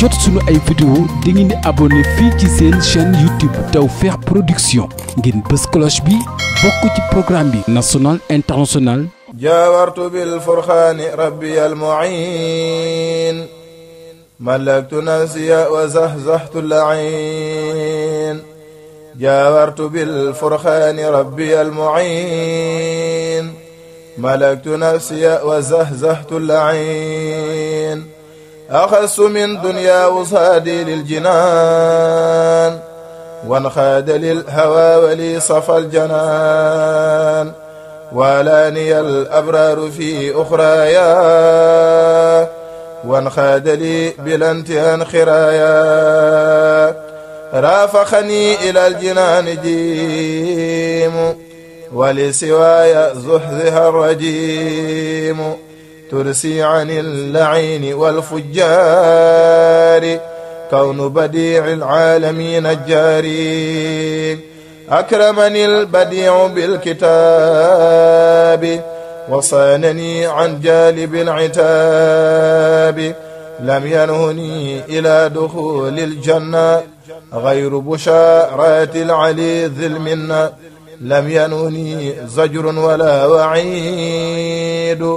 jot suñu ay vidéo da ngeen di abonné fii ci seen chaîne YouTube Tawfekh Production ngeen bës cloche bi bokk ci programme bi national international jaawartu bil furxaani rabbi al muin malaktu nafsiya wa zahzahtu lain jaawartu bil furxaani rabbi al muin malaktu nafsiya wa zahzahtu lain أخس من دنيا وصادي للجنان وانخاد للهوى ولي صفى الجنان ولاني الأبرار في أخرايا وانخاد لي بلا انتهان خرايا رافخني إلى الجنان جيم ولسواي زحزها الرجيم ترسي عن اللعين والفجار كون بديع العالمين الجاري أكرمني البديع بالكتاب وصانني عن جالب العتاب لم ينهني إلى دخول الجنة غير بشارات العلي ذي المنة لم ينهني زجر ولا وعيد